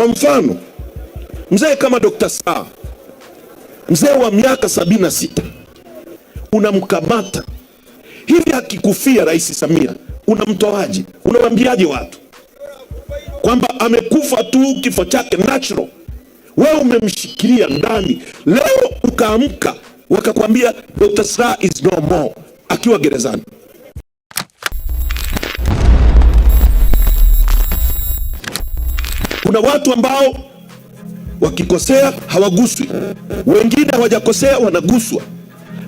Kwa mfano mzee kama Dr. sa mzee wa miaka sabini na sita, unamkamata hivi, akikufia Rais Samia unamtoaje? Unawaambiaje watu kwamba amekufa tu, kifo chake natural? Wewe umemshikilia ndani, leo ukaamka wakakwambia Dr. Slaa is no more, akiwa gerezani. Kuna watu ambao wakikosea hawaguswi, wengine hawajakosea wanaguswa.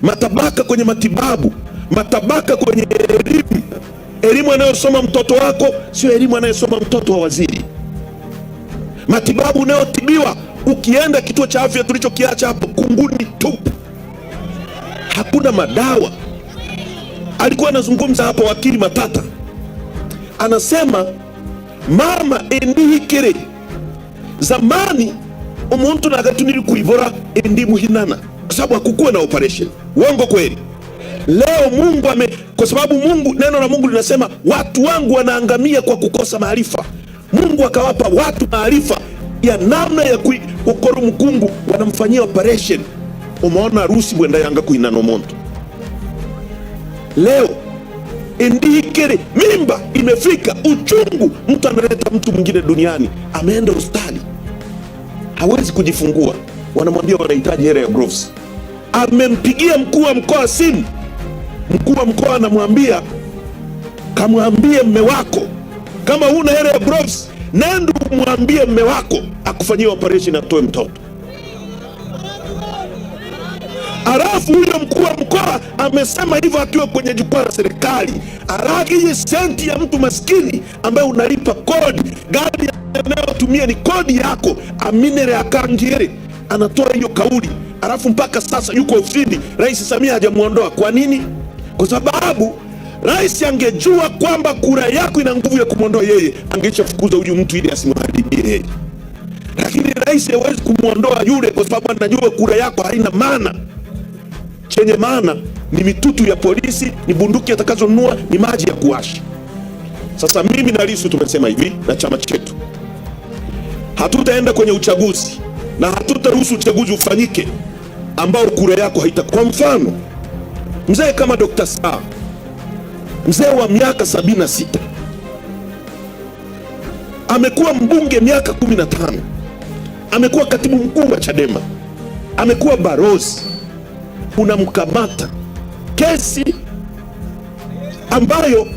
Matabaka kwenye matibabu, matabaka kwenye elimu. Elimu anayosoma mtoto wako sio elimu anayesoma mtoto wa waziri. Matibabu unayotibiwa ukienda kituo cha afya tulichokiacha hapo kunguni tupu, hakuna madawa. Alikuwa anazungumza hapo wakili Matata, anasema mama endihikiri Zamani umuntu nagatuniri kuivora endi muhinana kwa sababu hakukuwa na operation. Uongo kweli? Leo Mungu ame, kwa sababu Mungu, neno la Mungu linasema watu wangu wanaangamia kwa kukosa maarifa. Mungu akawapa watu maarifa ya namna ya kukora mkungu, wanamfanyia operation. Umeona harusi bwenda yanga kuinana umuntu leo endihikere mimba imefika uchungu, mtu analeta mtu mwingine duniani, ameenda hospitali hawezi kujifungua, wanamwambia wanahitaji hela ya Groves. Amempigia mkuu wa mkoa simu, mkuu wa mkoa anamwambia kamwambie mme wako kama huna hela ya Groves, nenda umwambie mme wako akufanyie operation atoe mtoto. Alafu huyo mkuu wa mkoa amesema hivyo akiwa kwenye jukwaa la serikali. Araki hiye senti ya mtu maskini ambaye unalipa kodi, gari anayotumia ni kodi yako. Aminere Akangyele anatoa hiyo kauli, alafu mpaka sasa yuko ofisini, Rais Samia hajamwondoa. Kwa nini? Kwa sababu rais angejua kwamba kura yako ina nguvu ya kumwondoa yeye, angeshafukuza huyu mtu ili asimharibie yeye, lakini rais hawezi kumwondoa yule, kwa sababu anajua kura yako haina maana chenye maana ni mitutu ya polisi, ni bunduki atakazonunua, ni maji ya kuwasha. Sasa mimi na Lissu tumesema hivi na chama chetu, hatutaenda kwenye uchaguzi na hatutaruhusu uchaguzi ufanyike ambao kura yako haita. Kwa mfano mzee kama Dr. sa mzee wa miaka sita amekuwa mbunge miaka 15, amekuwa katibu mkuu wa Chadema, amekuwa barozi unamkamata. Kesi ambayo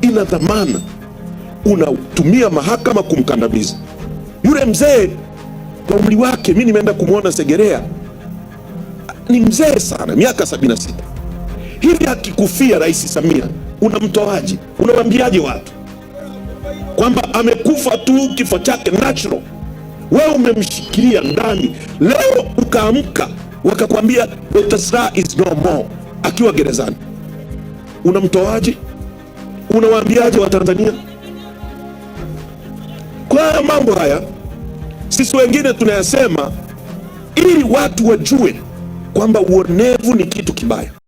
ina dhamana, unatumia mahakama kumkandamiza yule mzee. Kwa umri wake, mi nimeenda kumwona Segerea, ni mzee sana, miaka sita. hivi. Akikufia Rais Samia unamtoaje? Unawambiaje watu kwamba amekufa tu, kifo chake natural? Wewe umemshikilia ndani, leo ukaamka wakakwambia Dr. Slaa is no more akiwa gerezani, unamtoaje? Unawaambiaje Watanzania? Kwa mambo haya sisi wengine tunayasema ili watu wajue kwamba uonevu ni kitu kibaya.